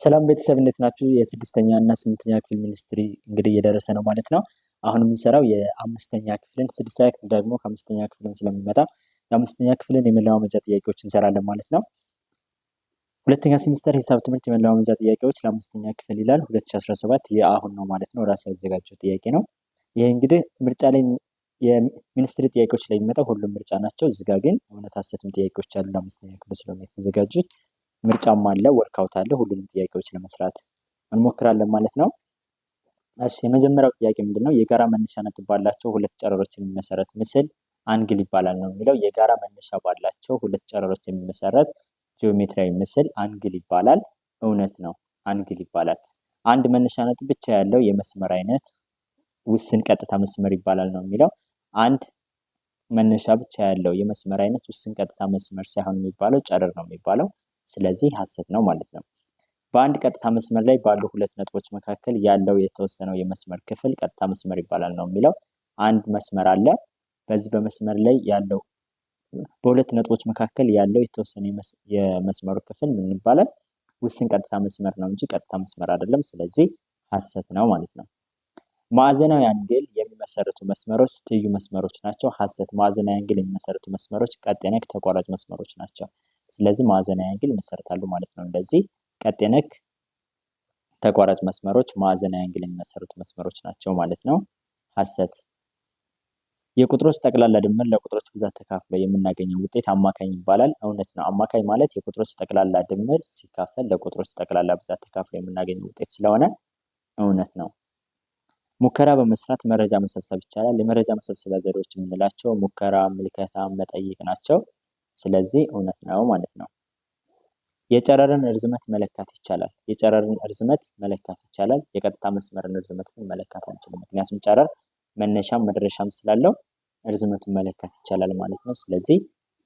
ሰላም ቤተሰብ እንዴት ናችሁ? የስድስተኛ እና ስምንተኛ ክፍል ሚኒስትሪ እንግዲህ እየደረሰ ነው ማለት ነው። አሁን የምንሰራው የአምስተኛ ክፍልን፣ ስድስተኛ ክፍል ደግሞ ከአምስተኛ ክፍልን ስለሚመጣ የአምስተኛ ክፍልን የመለማመጃ ጥያቄዎች እንሰራለን ማለት ነው። ሁለተኛ ሴሚስተር ሂሳብ ትምህርት የመለማመጃ ጥያቄዎች ለአምስተኛ ክፍል ይላል 2017 የአሁን ነው ማለት ነው። ራሴ ያዘጋጀው ጥያቄ ነው ይህ እንግዲህ ምርጫ ላይ የሚኒስትሪ ጥያቄዎች ላይ የሚመጣው ሁሉም ምርጫ ናቸው። እዚጋ ግን እውነት ሀሰትም ጥያቄዎች አሉ ለአምስተኛ ክፍል ስለሆነ የተዘጋጁት ምርጫም አለ፣ ወርካውት አለ። ሁሉንም ጥያቄዎች ለመስራት እንሞክራለን ማለት ነው። እሺ የመጀመሪያው ጥያቄ ምንድን ነው? የጋራ መነሻ ነጥብ ባላቸው ሁለት ጨረሮች የሚመሰረት ምስል አንግል ይባላል ነው የሚለው። የጋራ መነሻ ባላቸው ሁለት ጨረሮች የሚመሰረት ጂኦሜትሪያዊ ምስል አንግል ይባላል። እውነት ነው፣ አንግል ይባላል። አንድ መነሻ ነጥብ ብቻ ያለው የመስመር አይነት ውስን ቀጥታ መስመር ይባላል ነው የሚለው። አንድ መነሻ ብቻ ያለው የመስመር አይነት ውስን ቀጥታ መስመር ሳይሆን የሚባለው ጨረር ነው የሚባለው። ስለዚህ ሀሰት ነው ማለት ነው። በአንድ ቀጥታ መስመር ላይ ባሉ ሁለት ነጥቦች መካከል ያለው የተወሰነው የመስመር ክፍል ቀጥታ መስመር ይባላል ነው የሚለው። አንድ መስመር አለ። በዚህ በመስመር ላይ ያለው በሁለት ነጥቦች መካከል ያለው የተወሰነ የመስመሩ ክፍል ምን ይባላል? ውስን ቀጥታ መስመር ነው እንጂ ቀጥታ መስመር አይደለም። ስለዚህ ሀሰት ነው ማለት ነው። ማዕዘናዊ አንግል የሚመሰረቱ መስመሮች ትይዩ መስመሮች ናቸው። ሀሰት። ማዕዘናዊ አንግል የሚመሰረቱ መስመሮች ቀጤነክ ተቋራጭ መስመሮች ናቸው። ስለዚህ ማዕዘናዊ አንግል ይመሰርታሉ ማለት ነው። እንደዚህ ቀጤ ነክ ተቋራጭ መስመሮች ማዕዘናዊ አንግል የሚመሰርቱ መስመሮች ናቸው ማለት ነው። ሀሰት የቁጥሮች ጠቅላላ ድምር ለቁጥሮች ብዛት ተካፍለ የምናገኘው ውጤት አማካኝ ይባላል። እውነት ነው። አማካኝ ማለት የቁጥሮች ጠቅላላ ድምር ሲካፈል ለቁጥሮች ጠቅላላ ብዛት ተካፍለ የምናገኘው ውጤት ስለሆነ እውነት ነው። ሙከራ በመስራት መረጃ መሰብሰብ ይቻላል። የመረጃ መሰብሰቢያ ዘዴዎች የምንላቸው ሙከራ፣ ምልከታ፣ መጠይቅ ናቸው። ስለዚህ እውነት ነው ማለት ነው። የጨረርን እርዝመት መለካት ይቻላል። የጨረርን እርዝመት መለካት ይቻላል። የቀጥታ መስመርን እርዝመት ግን መለካት አንችልም። ምክንያቱም ጨረር መነሻም መድረሻም ስላለው እርዝመቱን መለካት ይቻላል ማለት ነው። ስለዚህ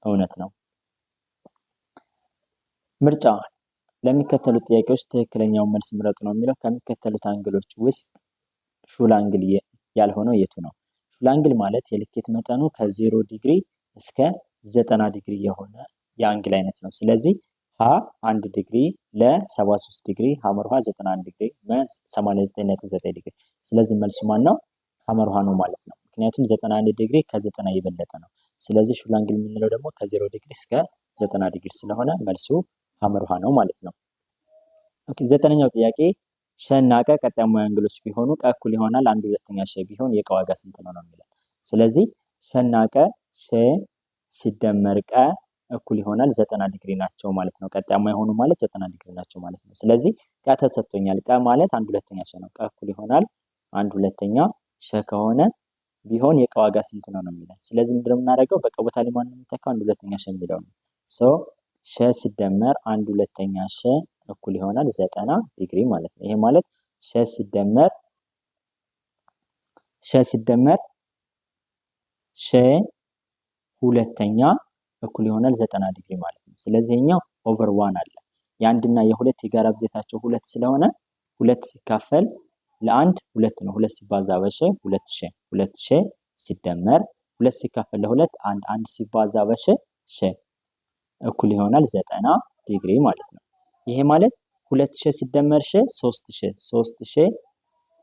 እውነት ነው። ምርጫ ለሚከተሉት ጥያቄዎች ትክክለኛውን መልስ ምረጡ ነው የሚለው። ከሚከተሉት አንግሎች ውስጥ ሹላንግል ያልሆነው የቱ ነው? ሹላንግል ማለት የልኬት መጠኑ ከዜሮ ዲግሪ እስከ ዘጠና ዲግሪ የሆነ የአንግል አይነት ነው። ስለዚህ ሀ አንድ ዲግሪ ለ 73 ዲግሪ ሐመር ውሃ 91 ዲግሪ መ 89.9 ዲግሪ። ስለዚህ መልሱ ማን ነው? ሐመር ውሃ ነው ማለት ነው። ምክንያቱም 91 ዲግሪ ከዘጠና የበለጠ ነው። ስለዚህ ሹል አንግል የምንለው ደግሞ ከዜሮ ዲግሪ እስከ 90 ዲግሪ ስለሆነ መልሱ ሐመር ውሃ ነው ማለት ነው። ኦኬ ዘጠነኛው ጥያቄ ሸና ቀ ቀጣይ ሙያ አንግሎች ቢሆኑ ቀ እኩል ይሆናል አንድ ሁለተኛ ሸ ቢሆን የቀ ዋጋ ስንት ነው ነው የሚለው። ስለዚህ ሸና ቀ ሸ ሲደመር ቀ እኩል ይሆናል ዘጠና ዲግሪ ናቸው ማለት ነው። ቀጣማ የሆኑ ማለት ዘጠና ዲግሪ ናቸው ማለት ነው። ስለዚህ ቀ ተሰጥቶኛል። ቀ ማለት አንድ ሁለተኛ ሸ ነው። ቀ እኩል ይሆናል አንድ ሁለተኛ ሸ ከሆነ ቢሆን የቀ ዋጋ ስንት ነው ነው የሚለን። ስለዚህ ምንድን ነው የምናደርገው? በቀ ቦታ ላይ ማን የሚተካው አንድ ሁለተኛ ሸ የሚለው ነው። ሶ ሸ ሲደመር አንድ ሁለተኛ ሸ እኩል ይሆናል ዘጠና ዲግሪ ማለት ነው። ይሄ ማለት ሸ ሲደመር ሸ ሲደመር ሸ ሁለተኛ እኩል ይሆናል ዘጠና ዲግሪ ማለት ነው። ስለዚህ ኛው ኦቨር ዋን አለ። የአንድና የሁለት የጋራ ብዜታቸው ሁለት ስለሆነ ሁለት ሲካፈል ለአንድ ሁለት ነው። ሁለት ሲባዛ በሸ ሁለት ሺ ሁለት ሺ ሲደመር ሁለት ሲካፈል ለሁለት አንድ አንድ ሲባዛ በሺ ሺ እኩል ይሆናል ዘጠና ዲግሪ ማለት ነው። ይሄ ማለት ሁለት ሺ ሲደመር ሺ ሶስት ሺ ሶስት ሺ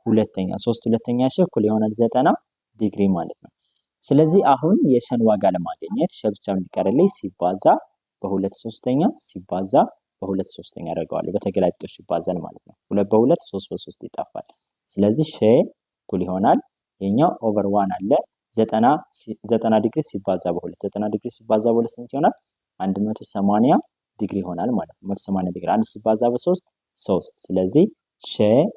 ሁለተኛ ሶስት ሁለተኛ ሺ እኩል ይሆናል ዘጠና ዲግሪ ማለት ነው። ስለዚህ አሁን የሸን ዋጋ ለማግኘት ሸ ብቻ የሚቀርልኝ ሲባዛ በሁለት ሶስተኛ ሲባዛ በሁለት ሶስተኛ አደርገዋለሁ። በተገላቢጦሽ ይባዛል ማለት ነው። ሁለት በሁለት ሶስት በሶስት ይጠፋል። ስለዚህ ሸ እኩል ይሆናል የኛው ኦቨር ዋን አለ ዘጠና ዲግሪ ሲባዛ በሁለት ዘጠና ዲግሪ ሲባዛ በሁለት ስንት ይሆናል? አንድ መቶ ሰማንያ ዲግሪ ይሆናል ማለት ነው። መቶ ሰማንያ ዲግሪ አንድ ሲባዛ በሶስት ሶስት። ስለዚህ ሸ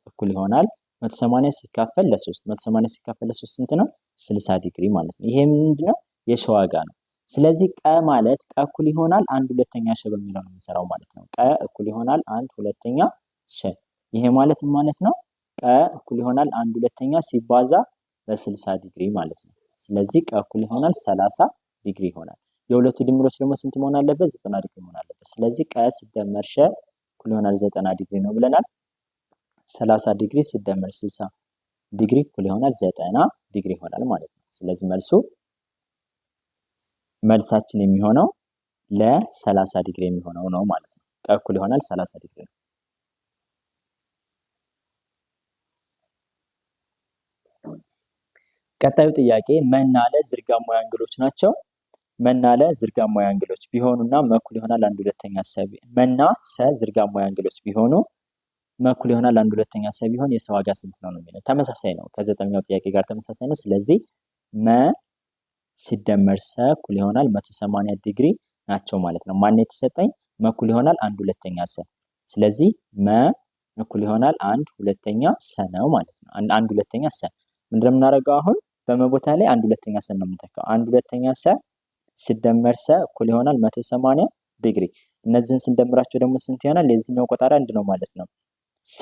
እኩል ይሆናል 180 ሲካፈል ለሶስት 3 180 ሲካፈል ለ3 ስንት ነው? ስልሳ ዲግሪ ማለት ነው። ይሄ ምንድነው? የሸዋጋ ነው። ስለዚህ ቀ ማለት ቀ እኩል ይሆናል አንድ ሁለተኛ ሸ በሚለው ነው የምንሰራው ማለት ነው። ቀ እኩል ይሆናል አንድ ሁለተኛ ሸ። ይሄ ማለት ማለት ነው ቀ እኩል ይሆናል አንድ ሁለተኛ ሲባዛ በ60 ዲግሪ ማለት ነው። ስለዚህ ቀ እኩል ይሆናል ሰላሳ ዲግሪ ይሆናል። የሁለቱ ድምሮች ደግሞ ስንት መሆን አለበት? ዘጠና ዲግሪ መሆን አለበት። ስለዚህ ቀ ሲደመር ሸ እኩል ይሆናል ዘጠና ዲግሪ ነው ብለናል። 30 ዲግሪ ሲደመር 60 ዲግሪ እኩል ይሆናል 90 ዲግሪ ይሆናል ማለት ነው። ስለዚህ መልሱ መልሳችን የሚሆነው ለ30 ዲግሪ የሚሆነው ነው ማለት ነው። እኩል ይሆናል 30 ዲግሪ ነው። ቀጣዩ ጥያቄ መናለ ዝርጋ ሞያ አንግሎች ናቸው። መናለ ዝርጋ ሞያ አንግሎች ቢሆኑና መኩል ይሆናል አንድ ሁለተኛ ሰ መና ሰ ዝርጋ ሞያ አንግሎች ቢሆኑ መኩል ይሆናል። አንድ ሁለተኛ ሰ ቢሆን የሰ ዋጋ ስንት ነው ነው የሚለው ተመሳሳይ ነው፣ ከዘጠኛው ጥያቄ ጋር ተመሳሳይ ነው። ስለዚህ መ ሲደመር ሰ እኩል ይሆናል መቶ ሰማንያ ዲግሪ ናቸው ማለት ነው። ማን የተሰጠኝ መኩል ይሆናል አንድ ሁለተኛ ሰ። ስለዚህ መ እኩል ይሆናል አንድ ሁለተኛ ሰ ነው ማለት ነው። አንድ ሁለተኛ ሰ ምንድነው የምናደርገው አሁን በመቦታ ላይ አንድ ሁለተኛ ሰ ነው የምንተካው። አንድ ሁለተኛ ሰ ሲደመር ሰ እኩል ይሆናል መቶ ሰማንያ ዲግሪ። እነዚህን ስንደምራቸው ደግሞ ስንት ይሆናል? የዚህኛው ቆጣሪ አንድ ነው ማለት ነው። ሰ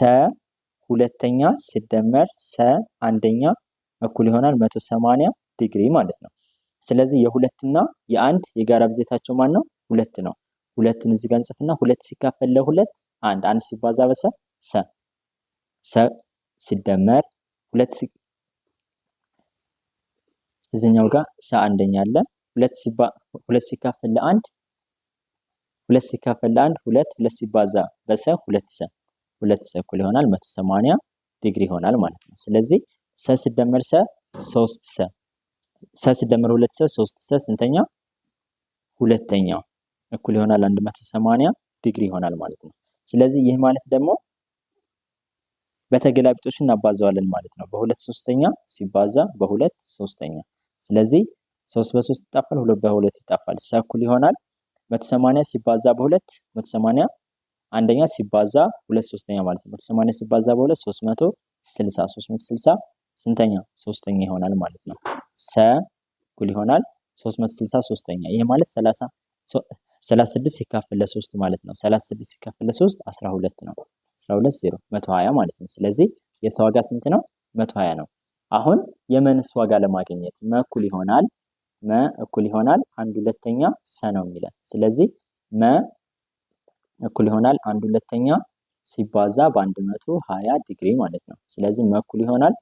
ሁለተኛ ሲደመር ሰ አንደኛ እኩል ይሆናል 180 ዲግሪ ማለት ነው። ስለዚህ የሁለትና የአንድ የጋራ ብዜታቸው ማን ነው? ሁለት ነው። ሁለትን እዚህ ጋር እንጽፍና ሁለት ሲካፈል ለሁለት አንድ፣ አንድ ሲባዛ በሰ ሰ ሰ ሲደመር ሁለት ሲ እዚህኛው ጋር ሰ አንደኛ አለ ሁለት ሲባ ሁለት ሲካፈል ለአንድ ሁለት ሲካፈል ለአንድ ሁለት ሁለት ሲባዛ በሰ ሁለት ሰ ሁለት ሰ እኩል ይሆናል መቶ ሰማንያ ዲግሪ ይሆናል ማለት ነው። ስለዚህ ሰ ሲደመር ሰ 3 ሰ ሰ ሲደመር ሁለት ሰ 3 ሰ ስንተኛ ሁለተኛው እኩል ይሆናል 180 ዲግሪ ይሆናል ማለት ነው። ስለዚህ ይህ ማለት ደግሞ በተገላቢጦሽ እናባዛዋለን ማለት ነው። በሁለት ሶስተኛ ሲባዛ በሁለት ሶስተኛ ስለዚህ ሶስት በሶስት ይጣፋል፣ ሁለት በሁለት ይጣፋል። ሰ እኩል ይሆናል 180 ሲባዛ በሁለት 180 አንደኛ ሲባዛ ሁለት ሶስተኛ ማለት ነው። ሰማንያ ሲባዛ በሁለት ሶስት መቶ ስልሳ ሶስት መቶ ስልሳ ስንተኛ ሶስተኛ ይሆናል ማለት ነው። ሰ እኩል ይሆናል ሶስት መቶ ስልሳ ሶስተኛ። ይህ ማለት ሰላሳ ሰላሳ ስድስት ሲካፈል ለሶስት ማለት ነው። ሰላሳ ስድስት ሲካፈል ለሶስት አስራ ሁለት ነው። አስራ ሁለት ዜሮ መቶ ሀያ ማለት ነው። ስለዚህ የሰ ዋጋ ስንት ነው? መቶ ሀያ ነው። አሁን የመንስ ዋጋ ለማግኘት መ እኩል ይሆናል መ እኩል ይሆናል አንድ ሁለተኛ ሰ ነው የሚለን ስለዚህ መ እኩል ይሆናል አንድ ሁለተኛ ሲባዛ በአንድ መቶ ሀያ ዲግሪ ማለት ነው። ስለዚህ መ እኩል ይሆናል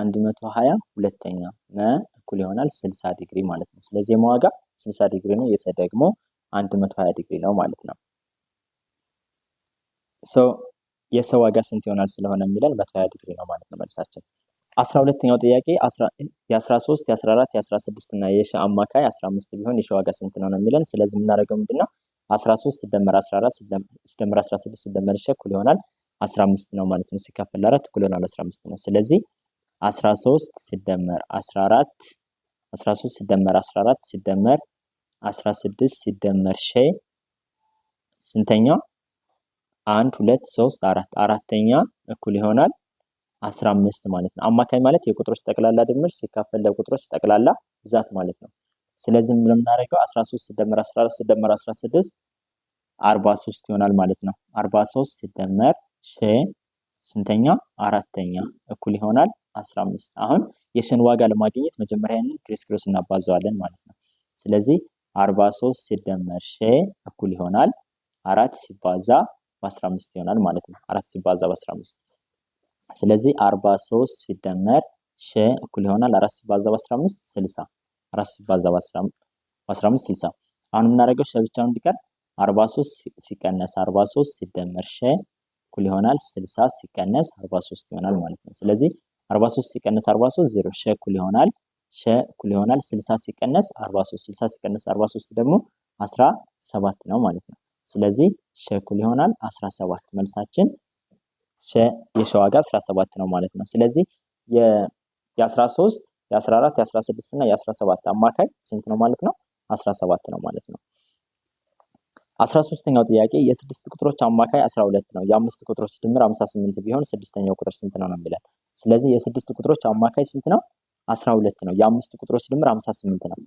አንድ መቶ ሀያ ሁለተኛ መ እኩል ይሆናል ስልሳ ዲግሪ ማለት ነው። ስለዚህ የመዋጋ ስልሳ ዲግሪ ነው። የሰ ደግሞ አንድ መቶ ሀያ ዲግሪ ነው ማለት ነው። የሰ ዋጋ ስንት ይሆናል ስለሆነ የሚለን መቶ ሀያ ዲግሪ ነው ማለት ነው መልሳችን። አስራ ሁለተኛው ጥያቄ የአስራ ሶስት የአስራ አራት የአስራ ስድስት እና የሸ አማካይ አስራ አምስት ቢሆን የሸ ዋጋ ስንት ነው ነው የሚለን ስለዚህ የምናደርገው ምንድን ነው 13 ስደመር 14 ስደመር 16 ስደመር ሸ እኩል ይሆናል 15 ነው ማለት ነው። ሲካፈል ለአራት እኩል ይሆናል 15 ነው። ስለዚህ 13 ስደመር 14 13 ስደመር 14 ስደመር 16 ሲደመር ሸ ስንተኛ? አንድ ሁለት ሶስት አራት አራተኛ እኩል ይሆናል 15 ማለት ነው። አማካኝ ማለት የቁጥሮች ጠቅላላ ድምር ሲካፈል ለቁጥሮች ጠቅላላ ብዛት ማለት ነው። ስለዚህ የምናደርገው 13 ሲደመር 14 ሲደመር 16 43 ይሆናል ማለት ነው። 43 ሲደመር ሸ ስንተኛ አራተኛ እኩል ይሆናል 15። አሁን የሺን ዋጋ ለማግኘት መጀመሪያ ያንን ግሬስ ክሮስ እናባዛዋለን ማለት ነው። ስለዚህ 43 ሲደመር ሸ እኩል ይሆናል አራት ሲባዛ በ15 ይሆናል ማለት ነው። አራት ሲባዛ በ15 ስለዚህ 43 ሲደመር ሸ እኩል ይሆናል አራት ሲባዛ በ15 60 አራት ሲባዛ በአስራ አምስት ስልሳ አሁን የምናደርገው ሸ ብቻውን እንዲቀር አርባ ሶስት ሲቀነስ አርባ ሶስት ሲደመር ሸ እኩል ይሆናል ስልሳ ሲቀነስ አርባ ሶስት ይሆናል ማለት ነው። ስለዚህ አርባ ሶስት ሲቀነስ አርባ ሶስት ዜሮ ሸ እኩል ይሆናል ሸ እኩል ይሆናል ስልሳ ሲቀነስ አርባ ሶስት ስልሳ ሲቀነስ አርባ ሶስት ደግሞ አስራ ሰባት ነው ማለት ነው። ስለዚህ ሸ እኩል ይሆናል አስራ ሰባት መልሳችን የሸ ዋጋ አስራ ሰባት ነው ማለት ነው። ስለዚህ የአስራ ሶስት የ14 የ16 እና የ17 አማካይ ስንት ነው ማለት ነው? 17 ነው ማለት ነው። 13ኛው ጥያቄ የስድስት ቁጥሮች አማካይ 12 ነው። የአምስት ቁጥሮች ድምር 58 ቢሆን ስድስተኛው ቁጥር ስንት ነው ነው የሚለን። ስለዚህ የስድስት ቁጥሮች አማካይ ስንት ነው? 12 ነው። የአምስት ቁጥሮች ድምር 58 ነው።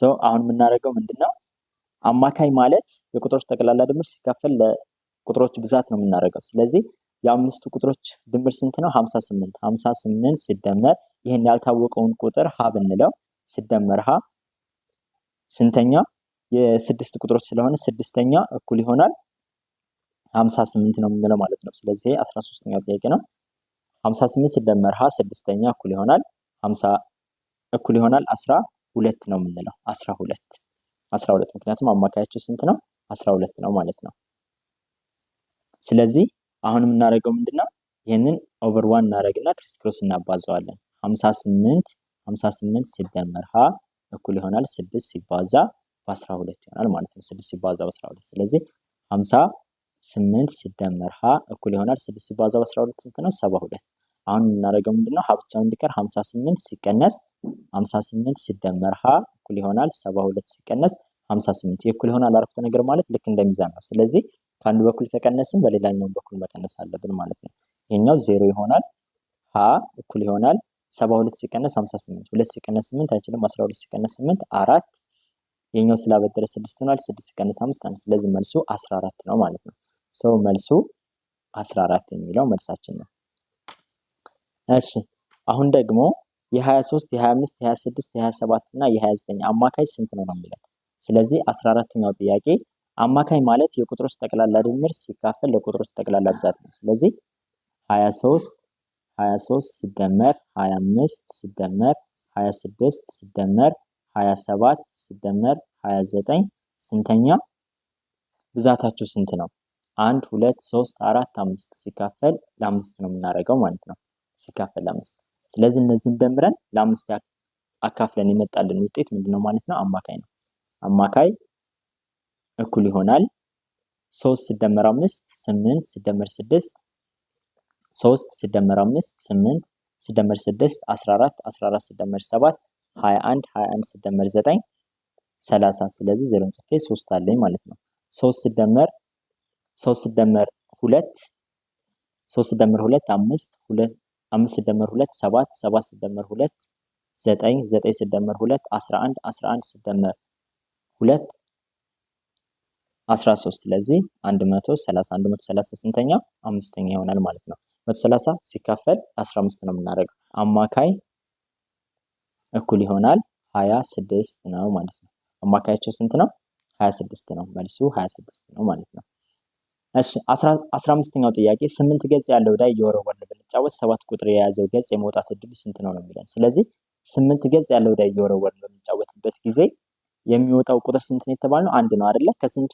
ሶ አሁን የምናደርገው ምንድነው? አማካይ ማለት የቁጥሮች ጠቅላላ ድምር ሲከፈል ለቁጥሮች ብዛት ነው የምናደርገው። ስለዚህ የአምስቱ ቁጥሮች ድምር ስንት ነው? 58 58 ሲደመር ይህን ያልታወቀውን ቁጥር ሀ ብንለው ስደመር ሀ ስንተኛ የስድስት ቁጥሮች ስለሆነ ስድስተኛ እኩል ይሆናል ሀምሳ ስምንት ነው የምንለው ማለት ነው። ስለዚህ አስራ ሶስተኛ ጥያቄ ነው። ሀምሳ ስምንት ስደመር ሀ ስድስተኛ እኩል ይሆናል ሀምሳ እኩል ይሆናል አስራ ሁለት ነው የምንለው አስራ ሁለት አስራ ሁለት ምክንያቱም አማካያቸው ስንት ነው? አስራ ሁለት ነው ማለት ነው። ስለዚህ አሁን የምናደርገው ምንድነው? ይህንን ኦቨር ዋን እናደርግና ክሪስክሮስ እናባዘዋለን። 58 58 ሲደመር ሀ እኩል ይሆናል 6 ሲባዛ በ12 ይሆናል ማለት ነው። 6 ሲባዛ በ12 ስለዚህ 58 ሲደመር እኩል ይሆናል 6 ሲባዛ በ12 ስንት ነው? 72 አሁን የምናደርገው ምንድነው? ሀብቻ ብቻውን እንዲቀር 58 ሲቀነስ 58 ሲደመርሃ እኩል ይሆናል 72 ሲቀነስ 58 እኩል ይሆናል አረፍተ ነገር ማለት ልክ እንደሚዛ ነው። ስለዚህ ከአንዱ በኩል ከቀነስን በሌላኛው በኩል መቀነስ አለብን ማለት ነው። ይሄኛው ዜሮ ይሆናል ሃ እኩል ይሆናል ሰባ ሁለት ሲቀነስ ሀምሳ ስምንት ሁለት ሲቀነስ ስምንት አይችልም። አስራ ሁለት ሲቀነስ ስምንት አራት የኛው ስላበደረ ስድስት ሆኗል። ስድስት ሲቀነስ አምስት አንድ። ስለዚህ መልሱ አስራ አራት ነው ማለት ነው። ሰው መልሱ አስራ አራት የሚለው መልሳችን ነው። እሺ አሁን ደግሞ የሀያ ሶስት የሀያ አምስት የሀያ ስድስት የሀያ ሰባት እና የሀያ ዘጠኝ አማካይ ስንት ነው ነው የሚለው ስለዚህ አስራ አራተኛው ጥያቄ አማካይ ማለት የቁጥሮች ጠቅላላ ድምር ሲካፈል ለቁጥሮች ጠቅላላ ብዛት ነው። ስለዚህ ሀያ ሶስት 23 ሶስት ሲደመር ሀያ አምስት ሲደመር ሀያ ስድስት ሲደመር ሀያ ሲደመር ሀያ ስንተኛ ብዛታቸው ስንት ነው? አንድ ሁለት ሶስት አራት አምስት ሲካፈል ለአምስት ነው የምናደርገው ማለት ነው። ሲካፈል ለአምስት ስለዚህ እነዚህን ደምረን ለአምስት አካፍለን የመጣልን ውጤት ምንድነው ማለት ነው? አማካይ ነው። አማካይ እኩል ይሆናል ሶስት ሲደመር አምስት ስምንት ሲደመር ስድስት ሶስት ሲደመር አምስት ስምንት ሲደመር ስድስት አስራ አራት አስራ አራት ሲደመር ሰባት ሀያ አንድ ሀያ አንድ ሲደመር ዘጠኝ ሰላሳ ስለዚህ ዜሮን ጽፌ ሶስት አለኝ ማለት ነው። ሶስት ሲደመር ሶስት ሲደመር ሁለት ሶስት ሲደመር ሁለት አምስት አምስት ሲደመር ሁለት ሰባት ሰባት ሲደመር ሁለት ዘጠኝ ዘጠኝ ሲደመር ሁለት አስራ አንድ አስራ አንድ ሲደመር ሁለት አስራ ሶስት ስለዚህ አንድ መቶ ሰላሳ አንድ መቶ ሰላሳ ስንተኛ አምስተኛ ይሆናል ማለት ነው። መቶ ሰላሳ ሲካፈል አስራ አምስት ነው የምናደርገው። አማካይ እኩል ይሆናል ሀያ ስድስት ነው ማለት ነው። አማካያቸው ስንት ነው? ሀያ ስድስት ነው። መልሱ ሀያ ስድስት ነው ማለት ነው። አስራ አምስተኛው ጥያቄ ስምንት ገጽ ያለው ዕዳ እየወረወርን ብንጫወት ሰባት ቁጥር የያዘው ገጽ የመውጣት እድል ስንት ነው ነው የሚለን። ስለዚህ ስምንት ገጽ ያለው ዕዳ እየወረወርን በምንጫወትበት ጊዜ የሚወጣው ቁጥር ስንት ነው የተባልነው? አንድ ነው አይደለ? ከስንቱ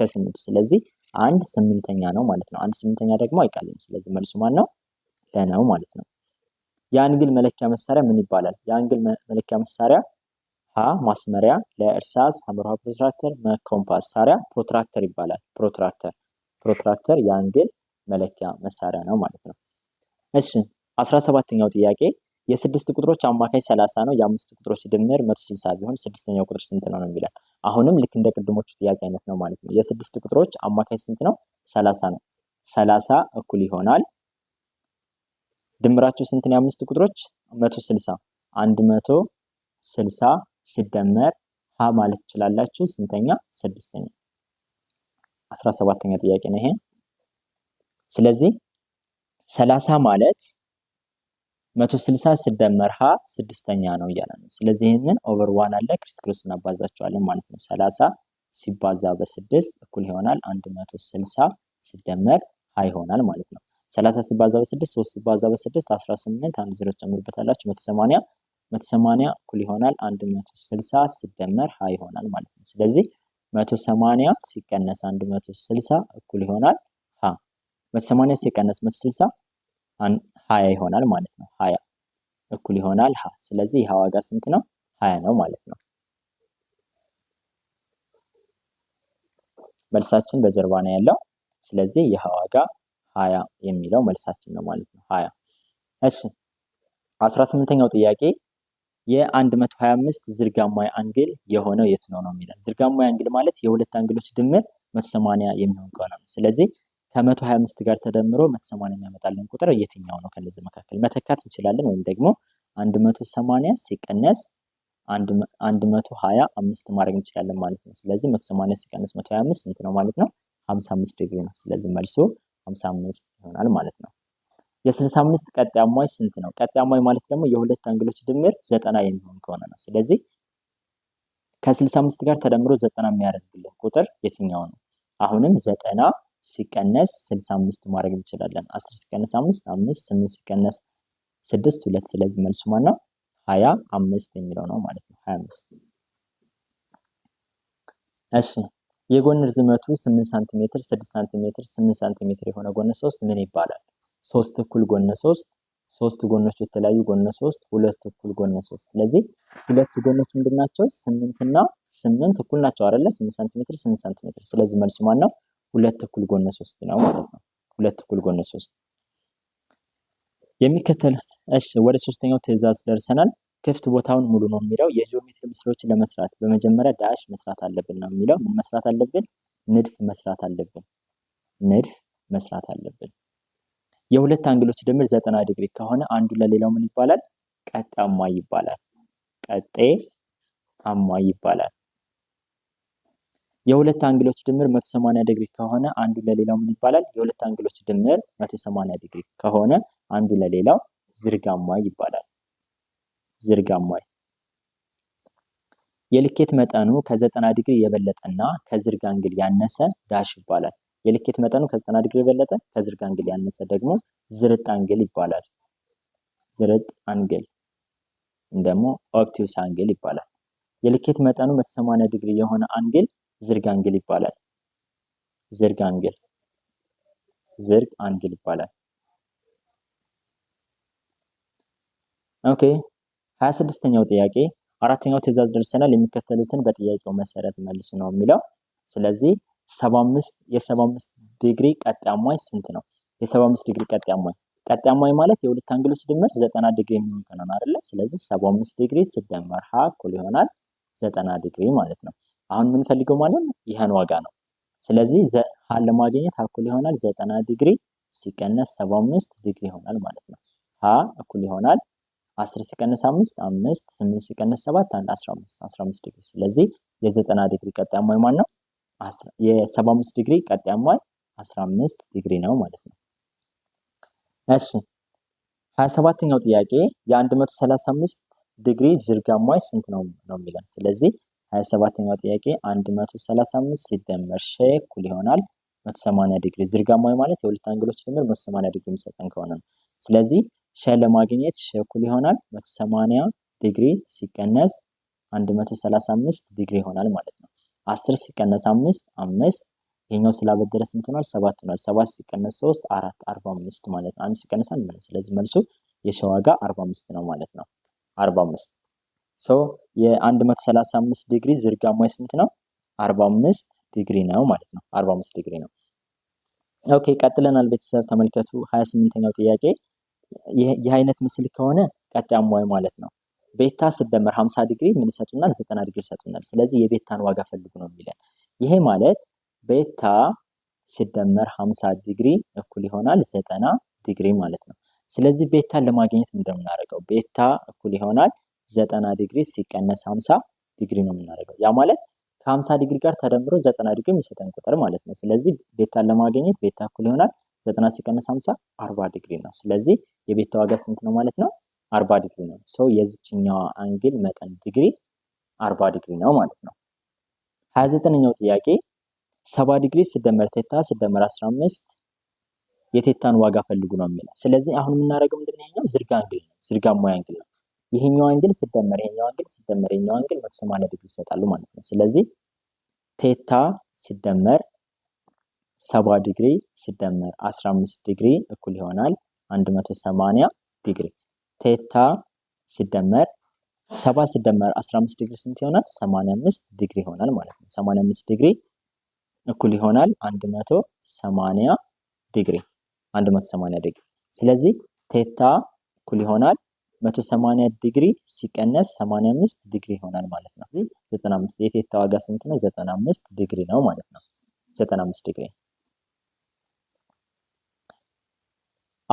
ከስምንቱ። ስለዚህ አንድ ስምንተኛ ነው ማለት ነው። አንድ ስምንተኛ ደግሞ አይቃልም። ስለዚህ መልሱ ማን ነው? ለነው ማለት ነው። የአንግል መለኪያ መሳሪያ ምን ይባላል? የአንግል መለኪያ መሳሪያ ሀ ማስመሪያ፣ ለእርሳስ ሀመርሃ ፕሮትራክተር፣ መኮምፓስ ሳሪያ ፕሮትራክተር ይባላል። ፕሮትራክተር ፕሮትራክተር የአንግል መለኪያ መሳሪያ ነው ማለት ነው። እሺ አስራ ሰባተኛው ጥያቄ የስድስት ቁጥሮች አማካኝ ሰላሳ ነው። የአምስት ቁጥሮች ድምር መቶ ስልሳ ቢሆን ስድስተኛው ቁጥር ስንት ነው ነው አሁንም ልክ እንደ ቅድሞቹ ጥያቄ አይነት ነው ማለት ነው። የስድስት ቁጥሮች አማካኝ ስንት ነው? ሰላሳ ነው። ሰላሳ እኩል ይሆናል ድምራቸው ስንት ነው? የአምስት ቁጥሮች መቶ ስልሳ አንድ መቶ ስልሳ ሲደመር ሀ ማለት ትችላላችሁ። ስንተኛ? ስድስተኛ። አስራ ሰባተኛ ጥያቄ ነው ይሄ። ስለዚህ ሰላሳ ማለት መቶ ስልሳ ስደመር ሀ ስድስተኛ ነው እያለ ነው። ስለዚህ ይህንን ኦቨር ዋን አለ ክርስክሮስ እናባዛቸዋለን ማለት ነው። ሰላሳ ሲባዛ በስድስት እኩል ይሆናል አንድ መቶ ስልሳ ሲደመር ሀ ይሆናል ማለት ነው። ሰላሳ ሲባዛ በስድስት ሶስት ሲባዛ በስድስት አስራ ስምንት አንድ ዜሮ ጨምርበታላችሁ መቶ ሰማንያ መቶ ሰማንያ እኩል ይሆናል አንድ መቶ ስልሳ ሲደመር ሀ ይሆናል ማለት ነው። ስለዚህ መቶ ሰማንያ ሲቀነስ አንድ መቶ ስልሳ እኩል ይሆናል ሀ መቶ ሰማንያ ሲቀነስ መቶ ስልሳ ሀያ ይሆናል ማለት ነው። ሀያ እኩል ይሆናል ሀ። ስለዚህ ይህ ዋጋ ስንት ነው? ሀያ ነው ማለት ነው። መልሳችን በጀርባ ነው ያለው። ስለዚህ ይህ ዋጋ ሀያ የሚለው መልሳችን ነው ማለት ነው። ሀያ እሺ። አስራ ስምንተኛው ጥያቄ ሀያ አምስት ዝርጋማዊ አንግል የሆነው የት ነው ነው የሚለው። ዝርጋማዊ አንግል ማለት የሁለት አንግሎች ድምር መቶ ሰማንያ የሚሆን ከሆነ ስለዚህ ከመቶ ሀያ አምስት ጋር ተደምሮ መቶ ሰማንያ የሚያመጣልን ቁጥር የትኛው ነው? ከነዚህ መካከል መተካት እንችላለን። ወይም ደግሞ አንድ መቶ ሰማንያ ሲቀነስ አንድ መቶ ሀያ አምስት ማድረግ እንችላለን ማለት ነው። ስለዚህ መቶ ሰማንያ ሲቀነስ መቶ ሀያ አምስት ስንት ነው ማለት ነው? ሀምሳ አምስት ዲግሪ ነው። ስለዚህ መልሶ ሀምሳ አምስት ይሆናል ማለት ነው። የስልሳ አምስት ቀጣይ አሟይ ስንት ነው? ቀጣይ አሟይ ማለት ደግሞ የሁለት አንግሎች ድምር ዘጠና የሚሆን ከሆነ ነው። ስለዚህ ከስልሳ አምስት ጋር ተደምሮ ዘጠና የሚያደርግልን ቁጥር የትኛው ነው? አሁንም ዘጠና ሲቀነስ 65 ማድረግ እንችላለን። 10 ሲቀነስ 5 5 8 ሲቀነስ 6 2 ስለዚህ መልሱ ማን ነው? ሀያ 5 የሚለው ነው ማለት ነው። 25 እሺ። የጎን ርዝመቱ 8 ሳንቲሜትር፣ 6 ሳንቲሜትር፣ 8 ሳንቲሜትር የሆነ ጎነ 3 ምን ይባላል? ሶስት እኩል ጎነ 3 ሶስት ጎኖች የተለያዩ ጎነ ሶስት ሁለት እኩል ጎነ ሶስት። ስለዚህ ሁለቱ ጎኖች ምንድን ናቸው? ስምንት እና ስምንት እኩል ናቸው አይደለ? ስምንት ሳንቲሜትር ስምንት ሳንቲሜትር። ስለዚህ መልሱ ማን ነው? ሁለት እኩል ጎነ ሶስት ነው ማለት ነው። ሁለት እኩል ጎነ ሶስት የሚከተል እሺ፣ ወደ ሶስተኛው ትዕዛዝ ደርሰናል። ክፍት ቦታውን ሙሉ ነው የሚለው የጂኦሜትሪ ምስሎችን ለመስራት በመጀመሪያ ዳሽ መስራት አለብን ነው የሚለው። ምን መስራት አለብን? ንድፍ መስራት አለብን። ንድፍ መስራት አለብን። የሁለት አንግሎች ድምር ዘጠና ዲግሪ ከሆነ አንዱ ለሌላው ምን ይባላል? ቀጤ አሟይ ይባላል። ቀጤ አሟይ ይባላል። የሁለት አንግሎች ድምር 180 ዲግሪ ከሆነ አንዱ ለሌላው ምን ይባላል? የሁለት አንግሎች ድምር 180 ዲግሪ ከሆነ አንዱ ለሌላው ዝርጋማ ይባላል። ዝርጋማ የልኬት መጠኑ ከ90 ዲግሪ የበለጠና ከዝርጋ አንግል ያነሰ ዳሽ ይባላል። የልኬት መጠኑ ከ90 ዲግሪ የበለጠ ከዝርጋ አንግል ያነሰ ደግሞ ዝርጥ አንግል ይባላል። ዝርጥ አንግል ደግሞ ኦፕቲዩስ አንግል ይባላል። የልኬት መጠኑ 180 ዲግሪ የሆነ አንግል ዝርግ አንግል ይባላል። ዝርግ አንግል ዝርግ አንግል ይባላል። ኦኬ ሀያ ስድስተኛው ጥያቄ አራተኛው ትዕዛዝ ደርሰናል። የሚከተሉትን በጥያቄው መሰረት መልስ ነው የሚለው ስለዚህ ሰባ አምስት የሰባ አምስት ዲግሪ ቀጣማይ ስንት ነው? የሰባ አምስት ዲግሪ ቀጣማይ ቀጣማይ ማለት የሁለት አንግሎች ድምር ዘጠና ዲግሪ የሚሆን አይደለ? ስለዚህ ሰባ አምስት ዲግሪ ስደመር ሀ እኩል ይሆናል ዘጠና ዲግሪ ማለት ነው። አሁን የምንፈልገው ማለት ይህን ዋጋ ነው። ስለዚህ ሀን ለማግኘት እኩል ይሆናል ዘጠና ዲግሪ ሲቀነስ ሰባ አምስት ዲግሪ ይሆናል ማለት ነው። ሀ እኩል ይሆናል አስር ሲቀነስ አምስት አምስት ስምንት ሲቀነስ ሰባት አንድ አስራ አምስት አስራ አምስት ዲግሪ ስለዚህ የዘጠና ዲግሪ ቀጣይ ማን ነው? የሰባ አምስት ዲግሪ ቀጣይ አስራ አምስት ዲግሪ ነው ማለት ነው። እሺ ሀያ ሰባተኛው ጥያቄ የአንድ መቶ ሰላሳ አምስት ዲግሪ ዝርጋማ ስንት ነው ነው የሚለን ስለዚህ ሀያ ሰባተኛው ጥያቄ አንድ መቶ ሰላሳ አምስት ሲደመር ሸ እኩል ይሆናል መቶ ሰማንያ ዲግሪ ዝርጋማዊ ማለት የሁለት አንግሎች ድምር መቶ ዲግሪ የሚሰጠን ከሆነ ነው። ስለዚህ ሸ ለማግኘት ሸ እኩል ይሆናል መቶ ዲግሪ ሲቀነስ አንድ መቶ ሰላሳ አምስት ዲግሪ ይሆናል ማለት ነው። አስር ሲቀነስ አምስት አምስት ይሄኛው ስላበደረ ስንት ሆኗል? ሰባት ሆኗል። ሰባት ሲቀነስ ሶስት አራት አርባ አምስት ማለት ነው። አንድ ሲቀነስ አንድ ስለዚህ መልሱ የሸ ዋጋ አርባ አምስት ነው ማለት ነው። አርባ አምስት ሰው የ135 ዲግሪ ዝርጋማ ስንት ነው? 45 ዲግሪ ነው ማለት ነው። 45 ዲግሪ ነው። ኦኬ ቀጥለናል ቤተሰብ ተመልከቱ። 28ኛው ጥያቄ ይህ አይነት ምስል ከሆነ ቀጥ ያሟይ ማለት ነው። ቤታ ስደመር 50 ዲግሪ ምን ይሰጡናል? 90 ዲግሪ ይሰጡናል። ስለዚህ የቤታን ዋጋ ፈልጉ ነው የሚለን። ይሄ ማለት ቤታ ሲደመር 50 ዲግሪ እኩል ይሆናል 90 ዲግሪ ማለት ነው። ስለዚህ ቤታን ለማግኘት ምንድነው የምናደርገው? ቤታ እኩል ይሆናል ዘጠና ዲግሪ ሲቀነስ ሀምሳ ዲግሪ ነው የምናደርገው። ያ ማለት ከሀምሳ ዲግሪ ጋር ተደምሮ ዘጠና ዲግሪ የሚሰጠን ቁጥር ማለት ነው። ስለዚህ ቤታን ለማግኘት ቤታ እኩል ይሆናል ዘጠና ሲቀነስ ሀምሳ አርባ ዲግሪ ነው። ስለዚህ የቤታ ዋጋ ስንት ነው ማለት ነው? አርባ ዲግሪ ነው። ሰው የዚችኛዋ አንግል መጠን ዲግሪ አርባ ዲግሪ ነው ማለት ነው። ሀያ ዘጠነኛው ጥያቄ ሰባ ዲግሪ ስደመር ቴታ ስደመር አስራ አምስት የቴታን ዋጋ ፈልጉ ነው የሚለው። ስለዚህ አሁን የምናደርገው ምንድን ነው? ዝርጋ አንግል ነው። ዝርጋ ሙያ አንግል ነው። ይሄኛው አንግል ሲደመር ይሄኛው አንግል ሲደመር ይሄኛው አንግል 180 ዲግሪ ይሰጣሉ ማለት ነው። ስለዚህ ቴታ ሲደመር 70 ዲግሪ ሲደመር 15 ዲግሪ እኩል ይሆናል 180 ዲግሪ። ቴታ ሲደመር 70 ሲደመር 15 ዲግሪ ስንት ይሆናል? 85 ዲግሪ ይሆናል ማለት ነው። 85 ዲግሪ እኩል ይሆናል 180 ዲግሪ 180 ዲግሪ። ስለዚህ ቴታ እኩል ይሆናል 180 ዲግሪ ሲቀነስ 85 ዲግሪ ይሆናል ማለት ነው። 95 የቴታ ዋጋ ስንት ነው? 95 ዲግሪ ነው ማለት ነው። 95 ዲግሪ።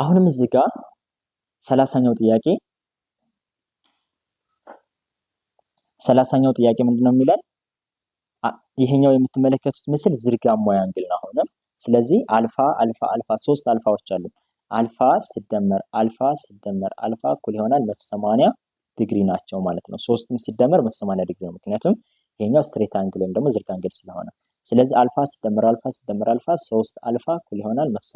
አሁንም እዚህ ጋር ሰላሳኛው ጥያቄ ሰላሳኛው ጥያቄ ምንድነው የሚለን? ይሄኛው የምትመለከቱት ምስል ዝርጋማ አንግል ነው። አሁንም ስለዚህ አልፋ አልፋ አልፋ ሶስት አልፋዎች አሉ። አልፋ ስደመር አልፋ ስደመር አልፋ እኩል ይሆናል መቶ ዲግሪ ናቸው ማለት ነው። ሶስቱም ሲደመር መቶ ዲግሪ ነው። ምክንያቱም ይሄኛው ስትሬት አንግል ወይም ደግሞ ዝርግ አንግል ስለሆነ፣ ስለዚህ አልፋ ስደመር አልፋ ስደመር አልፋ ሶስት አልፋ እኩል ይሆናል መቶ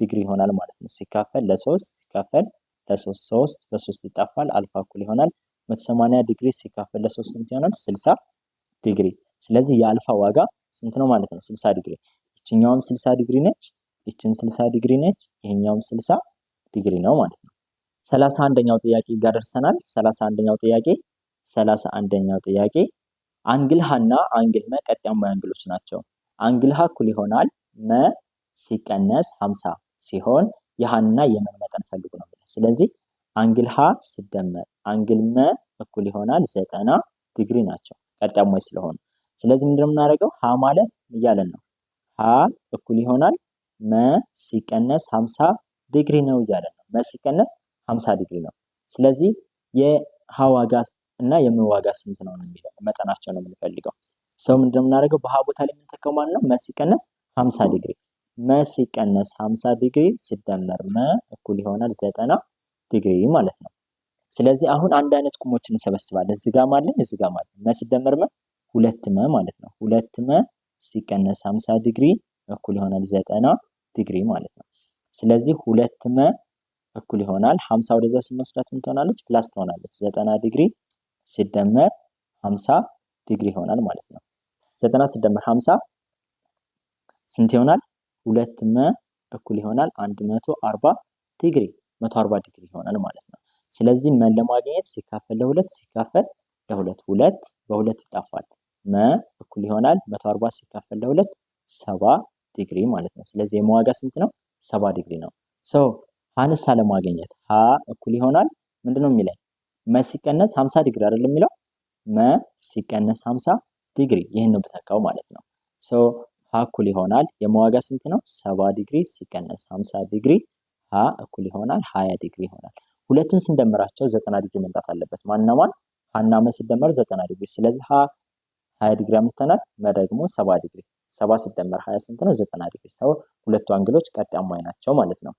ዲግሪ ይሆናል ማለት ነው። ሲካፈል ለሶስት ሲካፈል ለሶስት ሶስት በሶስት ይጣፋል። አልፋ እኩል ይሆናል መቶ ዲግሪ ሲካፈል ለሶስት ስንት ይሆናል? ስልሳ ዲግሪ። ስለዚህ የአልፋ ዋጋ ስንት ነው ማለት ነው? ስልሳ ዲግሪ። ይችኛውም ስልሳ ዲግሪ ነች። ይችም 60 ዲግሪ ነች፣ ይሄኛውም 60 ዲግሪ ነው ማለት ነው። ሰላሳ አንደኛው ጥያቄ ጋር ደርሰናል። ሰላሳ አንደኛው ጥያቄ ሰላሳ አንደኛው ጥያቄ አንግል ሀና አንግል መ ቀጣያማዊ አንግሎች ናቸው። አንግል ሀ እኩል ይሆናል መ ሲቀነስ 50 ሲሆን የሀና የመን መጠን ፈልጉ ነው። ስለዚህ አንግል ሀ ሲደመር አንግል መ እኩል ይሆናል ዘጠና ዲግሪ ናቸው ቀጣያማዊ ስለሆኑ። ስለዚህ ምንድነው የምናደርገው ሀ ማለት እያለን ነው ሀ እኩል ይሆናል መ ሲቀነስ 50 ዲግሪ ነው እያለ ነው። መ ሲቀነስ 50 ዲግሪ ነው። ስለዚህ የሀ ዋጋ እና የመ ዋጋ ስንት ነው የሚለው መጠናቸው ነው የምንፈልገው። ሰው ምንድን ነው የምናደርገው? በሀ ቦታ ላይ የምንጠቀመው ማለት ነው መ ሲቀነስ 50 ዲግሪ። መ ሲቀነስ 50 ዲግሪ ሲደመር መ እኩል ይሆናል 90 ዲግሪ ማለት ነው። ስለዚህ አሁን አንድ አይነት ቁሞች እንሰበስባለን። እዚህ ጋር ማለት እዚህ ጋር ማለት መ ሲደመር መ ሁለት መ ማለት ነው። ሁለት መ ሲቀነስ 50 ዲግሪ እኩል ይሆናል ዘጠና ዲግሪ ማለት ነው። ስለዚህ ሁለት መ እኩል ይሆናል ሀምሳ ወደዛ ስንወስዳት ምን ትሆናለች? ፕላስ ትሆናለች። ዘጠና ዲግሪ ሲደመር ሀምሳ ዲግሪ ይሆናል ማለት ነው። ዘጠና ሲደመር ሀምሳ ስንት ይሆናል? ሁለት መ እኩል ይሆናል አንድ መቶ አርባ ዲግሪ መቶ አርባ ዲግሪ ይሆናል ማለት ነው። ስለዚህ መን ለማግኘት ሲካፈል ለሁለት ሲካፈል ለሁለት ሁለት በሁለት ይጣፋል። መ እኩል ይሆናል መቶ አርባ ሲካፈል ለሁለት ሰባ ዲግሪ ማለት ነው። ስለዚህ የመዋጋ ስንት ነው? ሰባ ዲግሪ ነው። ሰው ሀንሳ ለማግኘት ሀ እኩል ይሆናል ነው የሚለኝ መ ሲቀነስ ሀምሳ ዲግሪ አይደለም የሚለው መ ሲቀነስ ሀምሳ ዲግሪ ይህን ነው ብተካው ማለት ነው። ሰው ሀ እኩል ይሆናል የመዋጋ ስንት ነው? ሰባ ዲግሪ ሲቀነስ ሀምሳ ዲግሪ ሀ እኩል ይሆናል ሀያ ዲግሪ ይሆናል። ሁለቱን ስንደምራቸው ዘጠና ዲግሪ መምጣት አለበት። ማንና ማን ሀና መ ሲደመር ዘጠና ዲግሪ። ስለዚህ ሀ ሀያ ዲግሪ አምጥተናል። መ ደግሞ ሰባ ዲግሪ ሰባ ሲደመር ሀያ ስንት ነው? ዘጠና ዲግሪ ሰው ሁለቱ አንግሎች ቀጥ ቀጣማይ ናቸው ማለት ነው።